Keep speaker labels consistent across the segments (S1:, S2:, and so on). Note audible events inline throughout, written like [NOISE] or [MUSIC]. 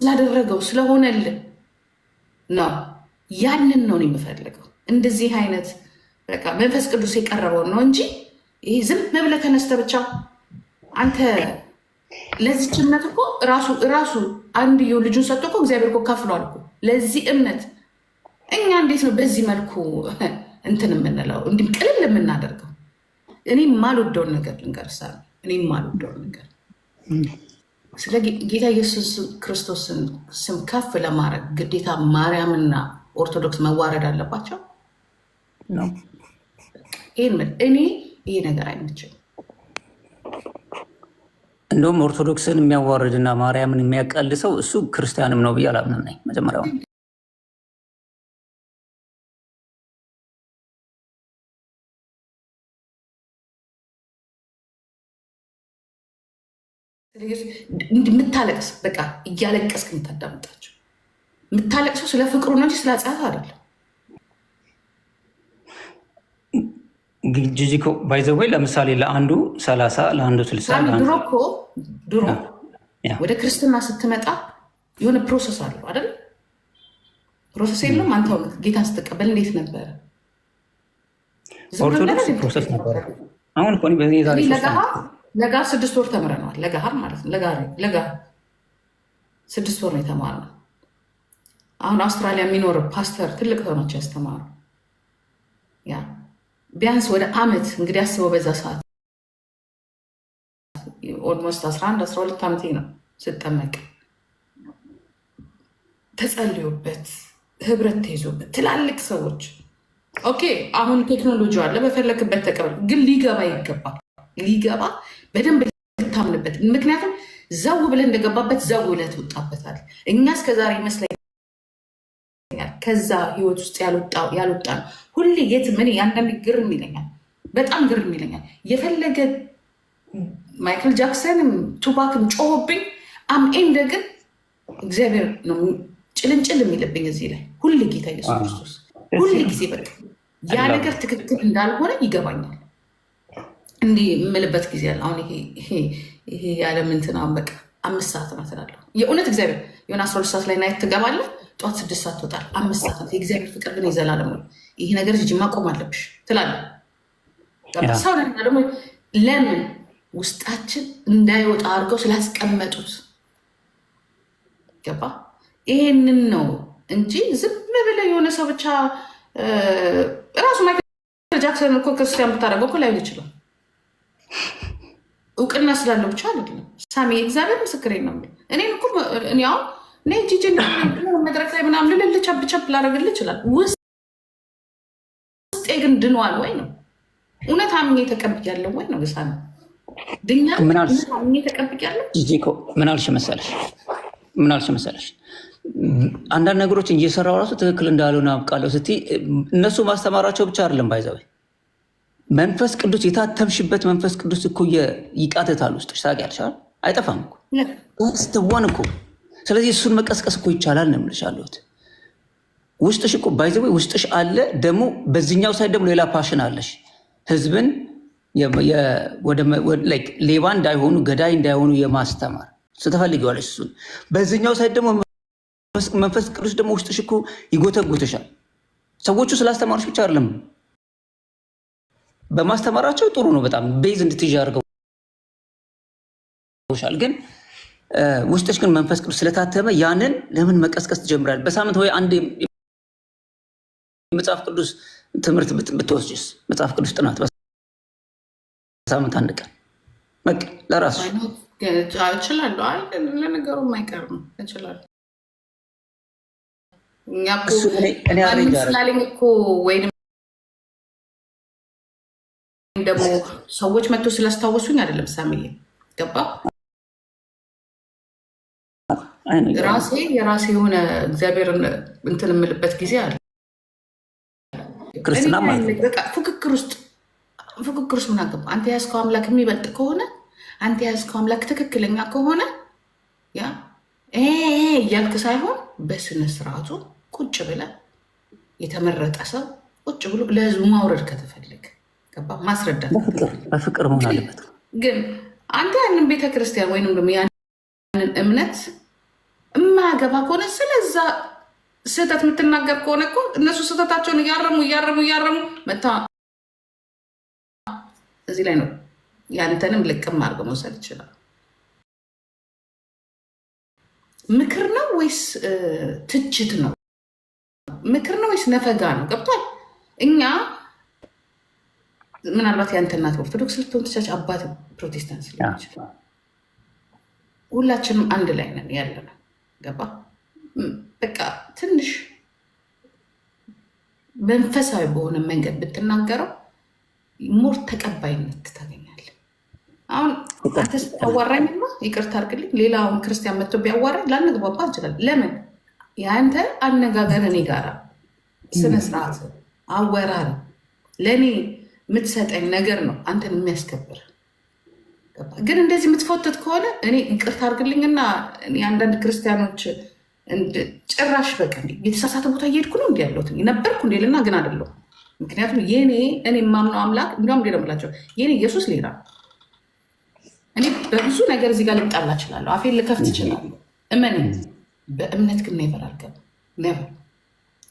S1: ስላደረገው ስለሆነልን ነው። ያንን ነው የምፈልገው። እንደዚህ አይነት በቃ መንፈስ ቅዱስ የቀረበውን ነው እንጂ ይሄ ዝም መብለ ተነስተ ብቻ አንተ ለዚች እምነት እኮ ራሱ ራሱ አንድየው ልጁን ሰጥቶ እኮ እግዚአብሔር እኮ ከፍሏል እኮ ለዚህ እምነት። እኛ እንዴት ነው በዚህ መልኩ እንትን የምንለው እንዲህ ቅልል የምናደርገው? እኔ የማልወደውን ነገር ልንገርሳ እኔ የማልወደውን ነገር ስለ ጌታ ኢየሱስ ክርስቶስን ስም ከፍ ለማድረግ ግዴታ ማርያምና ኦርቶዶክስ መዋረድ አለባቸው። ይህን እኔ ይሄ ነገር አይመችም።
S2: እንደውም ኦርቶዶክስን የሚያዋርድና ማርያምን የሚያቀል ሰው እሱ ክርስቲያንም ነው ብዬ አላምንም ነኝ መጀመሪያውን
S1: የምታለቅስ በቃ እያለቀስክ የምታዳምጣቸው የምታለቅሰው ስለ ፍቅሩ ነው እንጂ ስለ ጸት አይደለም።
S2: ጂጂ ባይዘወይ ለምሳሌ ለአንዱ ሰላሳ ለአንዱ ስልሳ
S1: ድሮ እኮ ድሮ ወደ ክርስትና ስትመጣ የሆነ ፕሮሰስ አለ አይደል? ፕሮሰስ የለም። አንተ ጌታን ስትቀበል እንዴት ነበረ?
S2: ኦርቶዶክስ ፕሮሰስ ነበረ። አሁን ለጋ
S1: ለጋር ስድስት ወር ተምረነዋል። ለጋር ማለት ነው። ለጋር ስድስት ወር ነው የተማርነው። አሁን አውስትራሊያ የሚኖር ፓስተር ትልቅ ሆኖች ያስተማሩ ያ ቢያንስ ወደ አመት እንግዲህ አስበው በዛ ሰዓት ኦልሞስት 11 12 ዓመቴ ነው ስጠመቅ። ተጸልዮበት ህብረት ተይዞበት ትላልቅ ሰዎች ኦኬ። አሁን ቴክኖሎጂ አለ፣ በፈለክበት ተቀበል። ግን ሊገባ ይገባል። ሊገባ በደንብ ልታምንበት። ምክንያቱም ዘው ብለህ እንደገባበት ዘው ብለህ ትወጣበታል። እኛ እስከዛሬ ይመስለኛል ከዛ ህይወት ውስጥ ያልወጣ ነው ሁሌ የት ምን ያንዳንድ ግርም ይለኛል፣ በጣም ግርም ይለኛል። የፈለገ ማይክል ጃክሰንም ቱባክም ጮሆብኝ አምኤም ደግን እግዚአብሔር ነው ጭልንጭል የሚልብኝ እዚህ ላይ ሁል ጌታ ኢየሱስ ክርስቶስ ሁል ጊዜ በቃ ያ ነገር ትክክል እንዳልሆነ ይገባኛል። እንዲህ የምልበት ጊዜ አለ። አሁን ይሄ የዓለም እንትን አሁን በቃ አምስት ሰዓት ናት እላለሁ። የእውነት እግዚአብሔር የሆነ አስራ ሁለት ሰዓት ላይ ናይት ትገባለህ፣ ጠዋት ስድስት ሰዓት ትወጣለህ። አምስት ሰዓት ናት። የእግዚአብሔር ፍቅር ግን የዘላለም ነው። ይሄ ነገር ልጅ ማቆም አለብሽ ትላለህ። ሰው ደግሞ ለምን ውስጣችን እንዳይወጣ አድርገው ስላስቀመጡት ገባ። ይሄንን ነው እንጂ ዝም ብለህ የሆነ ሰው ብቻ ራሱ ማይክል ጃክሰን እኮ ክርስቲያን ብታደርገው እኮ ላይሆን ይችላል። እውቅና ስላለው ብቻ አይደለም። ሳሚ እግዚአብሔር ምስክሬ ነው። እኔም እኮ እኔ አሁን እኔ ጂጂ መድረክ ላይ ምናምን ልልል ቸብቸብ ላደርግልህ ይችላል። ውስጤ ግን ድኗል ወይ ነው እውነት አምኜ ተቀብያለሁ ወይ ነው ሳሚ
S2: ድኛ አምኜ ተቀብያለሁ። ጂጂ እኮ ምን አልሽ መሰለሽ ምን አልሽ መሰለሽ አንዳንድ ነገሮች እየሰራው ራሱ ትክክል እንዳልሆነ አብቃለሁ ስትይ እነሱ ማስተማራቸው ብቻ አይደለም ባይዘበኝ መንፈስ ቅዱስ የታተምሽበት መንፈስ ቅዱስ እኮ ይቃተታል ውስጥ ታውቂያለሽ አይደል? አይጠፋም እኮ ስትዋን እኮ። ስለዚህ እሱን መቀስቀስ እኮ ይቻላል ነው የምልሽ አለሁት። ውስጥሽ እኮ ባይዘ ውስጥሽ አለ። ደግሞ በዚኛው ሳይ ደግሞ ሌላ ፓሽን አለሽ። ህዝብን ሌባ እንዳይሆኑ ገዳይ እንዳይሆኑ የማስተማር ስትፈልጊዋለሽ እሱን። በዚኛው ሳይ ደግሞ መንፈስ ቅዱስ ደግሞ ውስጥሽ እኮ ይጎተጉተሻል። ሰዎቹ ስላስተማሩሽ ብቻ አይደለም በማስተማራቸው ጥሩ ነው። በጣም ቤዝ እንድትይዥ አድርገውሻል። ግን ውስጥሽ ግን መንፈስ ቅዱስ ስለታተመ ያንን ለምን መቀስቀስ ትጀምራል? በሳምንት ወይ አንድ የመጽሐፍ ቅዱስ ትምህርት ብትወስጅስ? መጽሐፍ ቅዱስ ጥናት በሳምንት አንድ ቀን በቃ ለራሱ
S1: እችላለሁ። ለነገሩ የማይቀር ነው እችላለሁ። እኛ እኮ ወይም ወይም ደግሞ ሰዎች መጥቶ ስላስታወሱኝ አይደለም። ሳምዬ ገባ ራሴ የራሴ የሆነ እግዚአብሔርን እንትን የምልበት ጊዜ አለ። ፉክክር ውስጥ ፉክክር ውስጥ ምን አገባ? አንተ የያዝከው አምላክ የሚበልጥ ከሆነ አንተ የያዝከው አምላክ ትክክለኛ ከሆነ ያ እያልክ ሳይሆን በስነ ስርዓቱ ቁጭ ብለ የተመረጠ ሰው ቁጭ ብሎ ለህዝቡ ማውረድ ከተፈለገ ማስረዳት
S2: በፍቅር መሆን አለበት።
S1: ግን አንተ ያንን ቤተክርስቲያን ወይም ደግሞ ያንን እምነት የማያገባ ከሆነ ስለዛ ስህተት የምትናገር ከሆነ እኮ እነሱ ስህተታቸውን እያረሙ እያረሙ እያረሙ መታ እዚህ ላይ ነው ያንተንም ልቅም አድርገው መውሰድ ይችላል። ምክር ነው ወይስ ትችት ነው? ምክር ነው ወይስ ነፈጋ ነው? ገብቷል እኛ ምናልባት የአንተ እናት ኦርቶዶክስ ልትሆን ትቻች፣ አባት ፕሮቴስታንት ሊሆን ይችላል። ሁላችንም አንድ ላይ ነን ያለ ገባ በቃ ትንሽ መንፈሳዊ በሆነ መንገድ ብትናገረው ሞር ተቀባይነት ታገኛለህ። አሁን ማ ይቅርታ አድርግልኝ፣ ሌላውን ክርስቲያን መጥቶ ቢያዋራኝ ላንግባባ እንችላለን። ለምን የአንተ አነጋገር እኔ ጋራ ስነስርዓት አወራር ለእኔ የምትሰጠኝ ነገር ነው አንተን የሚያስከብር። ግን እንደዚህ የምትፎትት ከሆነ እኔ ይቅርታ አድርግልኝና አንዳንድ ክርስቲያኖች ጭራሽ በቃ የተሳሳተ ቦታ እየሄድኩ ነው እንዲ ያለሁት ነበርኩ እንዴ ልና ግን አይደለሁም። ምክንያቱም የኔ እኔ የማምነው አምላክ እንዲም ሌላ ምላቸው የኔ ኢየሱስ ሌላ እኔ በብዙ ነገር እዚህ ጋር ልጣላ እችላለሁ፣ አፌን ልከፍት እችላለሁ። እመኔ በእምነት ግን ኔቨር አልገባም። ኔቨር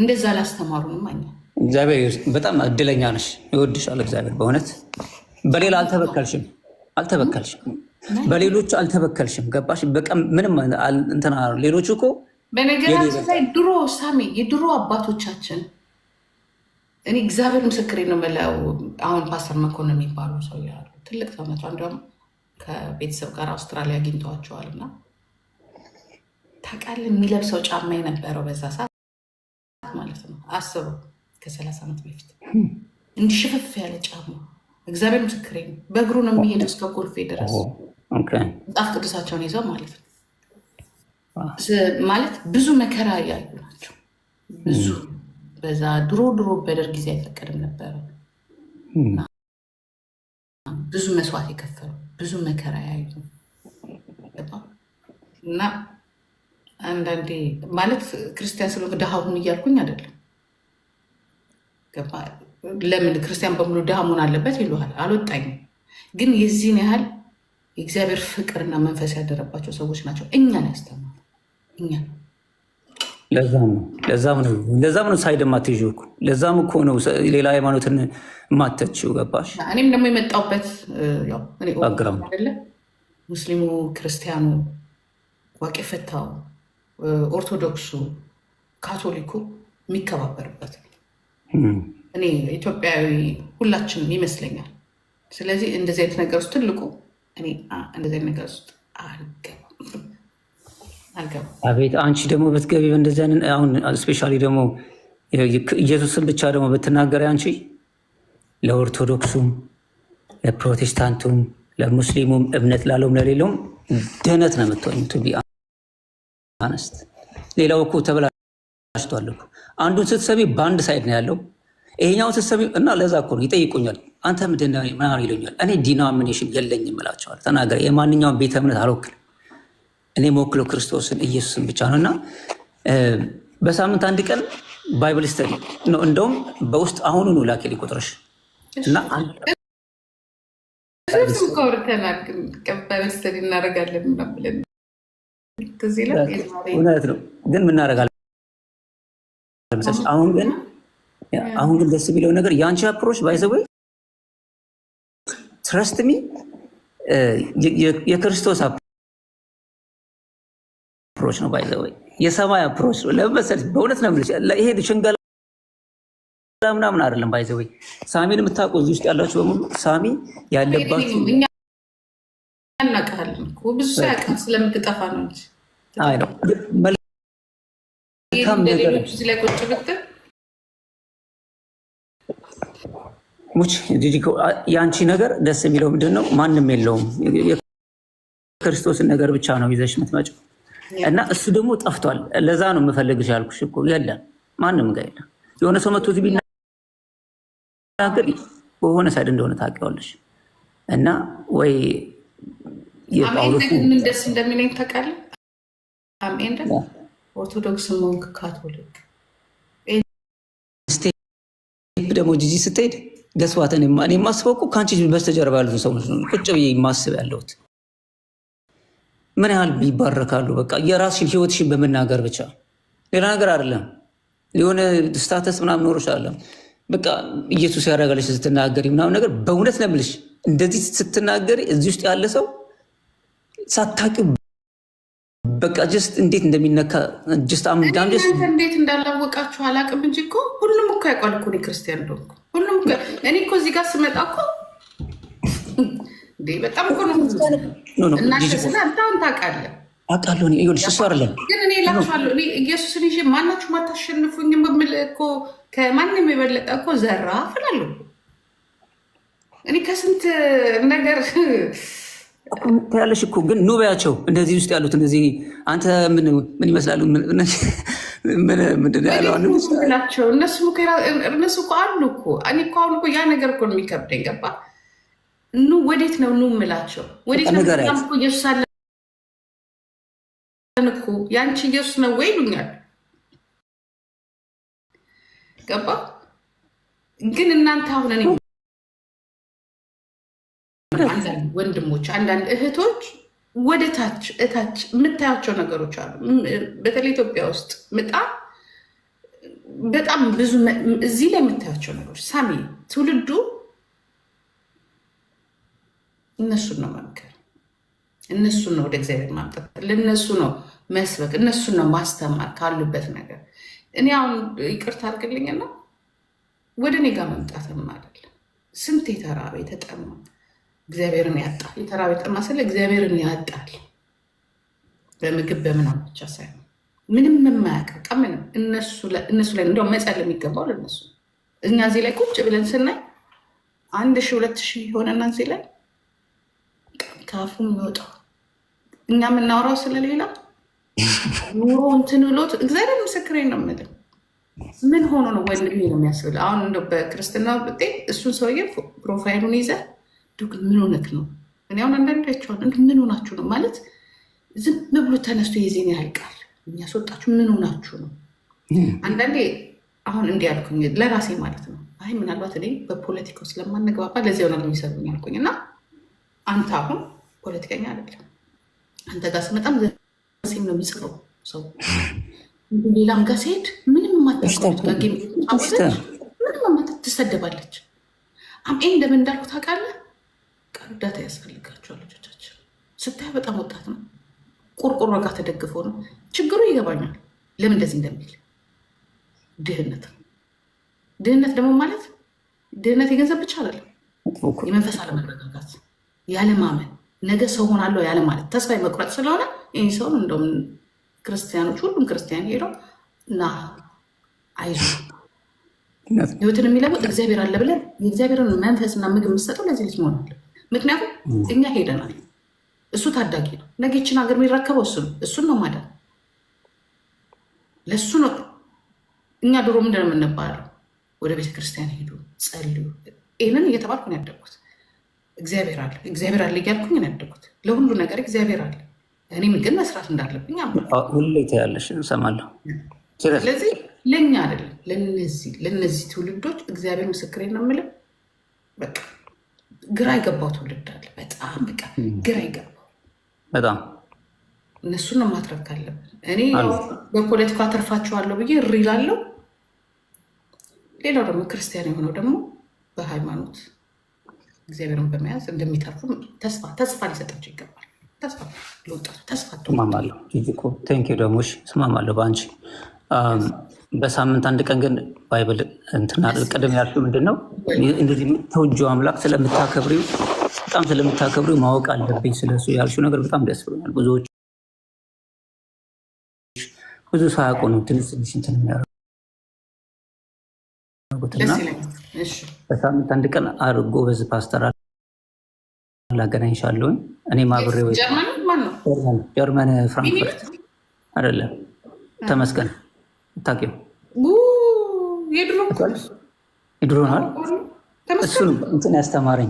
S1: እንደዛ ላስተማሩንም አኛ
S2: እግዚአብሔር በጣም እድለኛ ነሽ። ይወድሻል እግዚአብሔር በእውነት በሌላ አልተበከልሽም፣ አልተበከልሽም፣ በሌሎቹ አልተበከልሽም። ገባሽ? በቀም ምንም እንትና ሌሎቹ እኮ
S1: በነገራችን ላይ ድሮ ሳሚ የድሮ አባቶቻችን እኔ እግዚአብሔር ምስክሬ ነው የምለው። አሁን ፓስተር መኮንን የሚባሉ ሰው ያሉ ትልቅ ሰው መጥራ እንዲሁም ከቤተሰብ ጋር አውስትራሊያ አግኝተዋቸዋል። እና ታውቃለህ የሚለብሰው ጫማ የነበረው በዛ ሰዓት ማለት ነው አስበው ከሰላሳ ዓመት በፊት እንዲሸፈፍ ያለ ጫማ እግዚአብሔር ምስክሬ ነው። በእግሩ ነው የሚሄደው እስከ ጎልፌ ድረስ
S2: መጽሐፍ
S1: ቅዱሳቸውን ይዘው ማለት ነው። ማለት ብዙ መከራ ያዩ ናቸው። ብዙ በዛ ድሮ ድሮ በደርግ ጊዜ አይፈቀድም ነበረ። ብዙ መስዋዕት የከፈሉ ብዙ መከራ ያዩ እና አንዳንዴ ማለት ክርስቲያን ስለሆንክ ደሃ ሁን እያልኩኝ አይደለም ለምን ክርስቲያን በሙሉ ድሃ መሆን አለበት ይሉሃል። አልወጣኝም ግን የዚህን ያህል የእግዚአብሔር ፍቅርና መንፈስ ያደረባቸው ሰዎች ናቸው። እኛን ያስተማሩ እኛ
S2: ለዛም ነው ለዛም ነው ለዛም ነው ሳይድ የማትይዥው እኮ ለዛም እኮ ነው ሌላ ሃይማኖትን ማተችው። ገባሽ።
S1: እኔም ደግሞ የመጣውበት
S2: የመጣሁበት አይደለ
S1: ሙስሊሙ፣ ክርስቲያኑ፣ ዋቄ ፈታው፣ ኦርቶዶክሱ፣ ካቶሊኩ የሚከባበርበት ነው እኔ ኢትዮጵያዊ ሁላችንም ይመስለኛል። ስለዚህ እንደዚህ አይነት ነገር ውስጥ ትልቁ እኔ እንደዚህ አይነት ነገር ውስጥ አልገባም።
S2: አቤት አንቺ ደግሞ ብትገቢ በእንደዚህ አይነት አሁን እስፔሻሊ ደግሞ ኢየሱስን ብቻ ደግሞ በትናገር አንቺ ለኦርቶዶክሱም ለፕሮቴስታንቱም ለሙስሊሙም እምነት ላለውም ለሌለውም ድህነት ነው የምትሆኝ። ቱ ቢ አነስት ሌላው እኮ ተብላ አሽቷል እኮ አንዱን ስትሰሚ በአንድ ሳይድ ነው ያለው፣ ይሄኛውን ስትሰሚ እና ለዛ እኮ ይጠይቁኛል። አንተ ምንድን ነው ምናምን ይሉኛል። እኔ ዲኖሚኔሽን የለኝም እላቸዋለሁ። ተናገር። የማንኛውም ቤተ እምነት አልወክልም። እኔ የምወክለው ክርስቶስን ኢየሱስን ብቻ ነው። እና በሳምንት አንድ ቀን ባይብል ስተዲ ነው። እንደውም በውስጥ አሁኑ ላኬ ሊቆጥረሽ እና እውነት ነው ግን ምናደርጋለን ለምሳሌ አሁን ግን አሁን ግን ደስ የሚለው ነገር የአንቺ አፕሮች ባይዘወይ ትረስት ሚ የክርስቶስ አፕሮች ነው፣ ባይዘወይ የሰማይ አፕሮች ነው። ለመሰል በእውነት ነው የምልሽ። ይሄ ሽንገላ ምናምን አይደለም። ባይዘወይ ሳሚን የምታውቁ እዚህ ውስጥ ያላችሁ በሙሉ ሳሚ ያለባት
S1: ያናቃል። ብዙ ስለምትጠፋ ነው እንጂ
S2: እንደሌሎቹ የአንቺ ነገር ደስ የሚለው ምንድን ነው? ማንም የለውም። የክርስቶስን ነገር ብቻ ነው ይዘሽ የምትመጪው እና እሱ ደግሞ ጠፍቷል። ለዛ ነው የምፈልግሽ ያልኩሽ እኮ የለም፣ ማንም ጋር የለም። የሆነ ሰው መቶ እዚህ ቢናገር በሆነ ሳይድ እንደሆነ ታውቂዋለሽ። እና ወይ
S1: የጳውሎስ ደስ እንደሚለኝ ታውቃለህ ኦርቶዶክስ ሞንክ ካቶሊክ
S2: ደግሞ ጂጂ ስትሄድ ገስዋተን እኔ የማስበው እኮ ከአንቺ በስተጀርባ ያሉትን ሰዎች ነው ቁጭ ብዬ የማስብ ያለሁት። ምን ያህል ይባረካሉ። በቃ የራስሽን ህይወትሽን በመናገር ብቻ ሌላ ነገር አይደለም። የሆነ ስታተስ ምናምን ኖሮች አለም በቃ ኢየሱስ ያደረጋለች ስትናገሪ ምናምን ነገር በእውነት ነው የምልሽ። እንደዚህ ስትናገሪ እዚህ ውስጥ ያለ ሰው ሳታውቂው በቃ ጀስት እንዴት እንደሚነካ ጀስት
S1: እንዴት እንዳላወቃችሁ አላቅም እንጂ እኮ ሁሉም እኮ ያውቃል እኮ እኔ ክርስቲያን እንደሆንኩ ሁሉም እኔ እኮ እዚህ ጋር ስመጣ እኮ በጣም እኮ ነው እናሸስላ እንታሁን ታውቃለህ
S2: አውቃለሁ እኔ ይኸውልሽ፣ እሱ አይደለም
S1: ግን እኔ እላችኋለሁ እኔ ኢየሱስን ይዤ ማናችሁ ማታሸንፉኝ በምል እኮ ከማንም የበለጠ እኮ ዘራፍ እላለሁ እኔ ከስንት ነገር
S2: ያለሽ እኮ ግን ኑ በያቸው እንደዚህ ውስጥ ያሉት እንደዚህ አንተ ምን ይመስላሉ?
S1: ናቸው እነሱ እኮ አሉ እኮ እኔ እኮ አሁን እኮ ያ ነገር እኮ ነው የሚከብደኝ። ገባ ኑ ወዴት ነው ኑ ምላቸው? ወዴት ነው እኮ ኢየሱስ አለን እኮ የአንቺ ኢየሱስ ነው ወይ ይሉኛል። ገባ ግን እናንተ አሁን ያለን ወንድሞች፣ አንዳንድ እህቶች ወደ ታች እታች የምታያቸው ነገሮች አሉ። በተለይ ኢትዮጵያ ውስጥ በጣም በጣም ብዙ እዚህ ላይ የምታያቸው ነገሮች ሳሚ ትውልዱ እነሱን ነው መምከር፣ እነሱን ነው ወደ እግዚአብሔር ማምጣት፣ ለእነሱ ነው መስበክ፣ እነሱን ነው ማስተማር ካሉበት ነገር። እኔ አሁን ይቅርታ አድርግልኝና ወደ እኔ ጋር መምጣትም አይደለም ስንት የተራበ የተጠማ እግዚአብሔርን ያጣል። የተራበ ጠማ ስለ እግዚአብሔርን ያጣል። በምግብ በምናም ብቻ ሳይሆን ምንም የማያውቀው ምንም እነሱ ላይ እንደውም መጸል የሚገባው ለነሱ እኛ እዚህ ላይ ቁጭ ብለን ስናይ አንድ ሺ ሁለት ሺ የሆነና እዚህ ላይ ከአፉ የሚወጣው እኛ የምናወራው ስለሌላ [LAUGHS] ኑሮ እንትን ብሎት እግዚአብሔር ምስክሬን ነው የምልህ። ምን ሆኖ ነው ወንድሜ ነው የሚያስብል። አሁን እንደው በክርስትና ብጤ እሱን ሰውዬ ፕሮፋይሉን ይዘህ ምን እውነት ነው? እኔ አሁን አንዳንድ ያቸዋል ምን ሆናችሁ ነው ማለት ዝም ብሎ ተነስቶ የዜና ያልቃል የሚያስወጣችሁ ምን ሆናችሁ ነው? አንዳንዴ አሁን እንዲህ ያልኩኝ ለራሴ ማለት ነው። አይ ምናልባት እኔ በፖለቲካው ስለማነግባባ ለዚያው ነው የሚሰሩኝ ያልኩኝ እና አንተ አሁን ፖለቲከኛ አይደለም። አንተ ጋር ስመጣም ዘሴም ነው የሚጽፈው ሰው ሌላም ጋር ሲሄድ ምንም ምንም ማታምንም ትሰደባለች። አምኤን እንደምን እንዳልኩ ታውቃለህ እርዳታ ያስፈልጋቸዋል። ልጆቻችን ስታይ በጣም ወጣት ነው፣ ቆርቆሮ ጋር ተደግፈው ነው። ችግሩ ይገባኛል፣ ለምን እንደዚህ እንደሚል ድህነት ነው። ድህነት ደግሞ ማለት ድህነት የገንዘብ ብቻ አይደለም፣ የመንፈስ አለመረጋጋት፣ ያለማመን፣ ነገ ሰው ሆናለሁ ያለ ማለት ተስፋ መቁረጥ ስለሆነ ይህ ሰው እንደውም ክርስቲያኖች፣ ሁሉም ክርስቲያን ሄደው ና አይዞ ህይወትን የሚለውጥ እግዚአብሔር አለ ብለን የእግዚአብሔርን መንፈስና ምግብ የምሰጠው ለዚህ ልጅ መሆናል። ምክንያቱም እኛ ሄደናል። እሱ ታዳጊ ነው። ነገችን ሀገር የሚረከበው እሱ ነው። እሱን ነው ማዳን ለእሱ ነው። እኛ ድሮ ምንድን ነው የምንባለው? ወደ ቤተክርስቲያን ሄዱ፣ ጸልዩ። ይህንን እየተባልኩ ነው ያደግኩት። እግዚአብሔር አለ፣ እግዚአብሔር አለ እያልኩኝ ነው ያደግኩት። ለሁሉ ነገር እግዚአብሔር አለ። እኔም ግን መስራት እንዳለብኝ
S2: ሁሌ ታያለሽ፣ እሰማለሁ።
S1: ስለዚህ ለእኛ አይደለም ለነዚህ ለነዚህ ትውልዶች እግዚአብሔር ምስክሬን ነው የምልህ በቃ ግራ የገባው ትውልድ አለ። በጣም በቃ ግራ የገባው በጣም እነሱን ነው ማትረፍ ካለብን። እኔ በፖለቲካ አለው ብዬ እሪ እላለሁ። ሌላው ደግሞ ክርስቲያን የሆነው ደግሞ በሃይማኖት እግዚአብሔርን በመያዝ እንደሚተርፉ ተስፋ ተስፋ ሊሰጣቸው ይገባል። ተስፋ ለወጣቱ ተስፋ
S2: ስማማለሁ። ደግሞ ስማማለሁ በአንቺ በሳምንት አንድ ቀን ግን ባይብል እንትና ቀደም ያልሽው ምንድን ነው እንደዚህ ተውጆ አምላክ ስለምታከብሪው በጣም ስለምታከብሪው ማወቅ አለብኝ ስለሱ ያልሽው ነገር በጣም ደስ ብሎኛል። ብዙዎች ብዙ ሳያውቁ ነው ትንሽ ትንሽ እንትን የሚያደርጉትና በሳምንት አንድ ቀን አድርጎ በዚህ ፓስተር ላገናኝሻለሁኝ እኔ ማብሬ ጀርመን ፍራንክፈርት አይደለም ተመስገን ታውቂው የድሮ እሱን እንትን ያስተማረኝ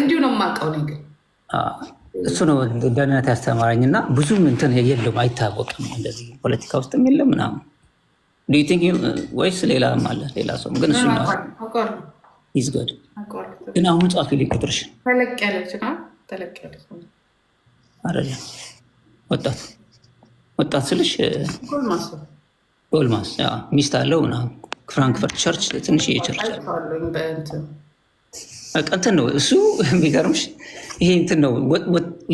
S1: እንዲሁ ነው የማውቀው ነገር
S2: እሱ ነው ደህንነት ያስተማረኝ። እና ብዙም እንትን የለም አይታወቅም፣ እንደዚህ ፖለቲካ ውስጥም የለም ምናምን ቲንክ ወይስ ሌላም አለ ሌላ ሰው ግን እሱ ይዝገድ ግን አሁን ጻፊ ላይ ቁጥርሽ ወጣት ወጣት ስልሽ ጎልማስ ሚስት አለው ምናምን ፍራንክፈርት ቸርች ትንሽ ቸርች እንትን ነው እሱ የሚገርምሽ ይሄ እንትን ነው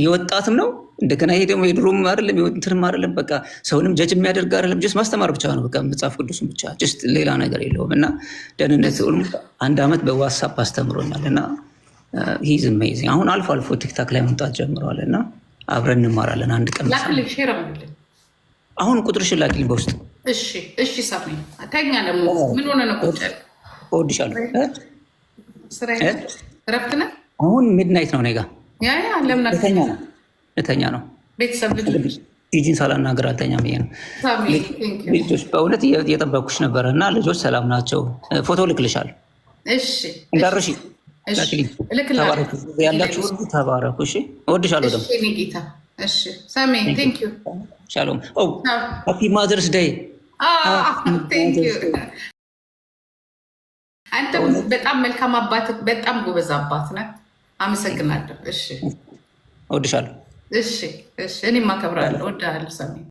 S2: የወጣትም ነው እንደገና ይሄ ደግሞ የድሮም አይደለም እንትንም አይደለም በቃ ሰውንም ጀጅ የሚያደርግ አይደለም ጀስት ማስተማር ብቻ ነው በቃ መጽሐፍ ቅዱስ ብቻ ጀስት ሌላ ነገር የለውም እና ደህንነት አንድ አመት በዋትሳፕ አስተምሮኛል እና ሂዝ ሜይዚንግ አሁን አልፎ አልፎ ቲክታክ ላይ መምጣት ጀምረዋል እና አብረን እንማራለን አንድ ቀን አሁን ቁጥር ላኪልኝ በውስጥ
S1: እሺ እሺ፣ ሳሚ ተኛ። ደግሞ ምን ሆነ ነው? ቁጭ እወድሻለሁ። ስራ እረፍት ነህ።
S2: አሁን ሚድናይት ነው። ኔጋ ለምንተኛ ነው? እተኛ ነው።
S1: ቤተሰብ ልጅ
S2: ጂጂን ሳላናገር አልተኛም ብዬ ነው። ልጆች በእውነት እየጠበኩሽ ነበረ እና ልጆች ሰላም ናቸው? ፎቶ ልክልሻለሁ እንዳርሽ ያላችሁ ሁሉ ተባረኩ። እሺ እወድሻለሁ።
S1: ደግሞ
S2: ሻሎም። ሃፒ ማዘርስ ደይ
S1: አንተም በጣም መልካም አባት፣ በጣም ጎበዝ አባት ነህ። አመሰግናለሁ። እሺ፣ እወድሻለሁ። እሺ፣ እሺ። እኔም አከብራለሁ። እወድሃለሁ ሰሜን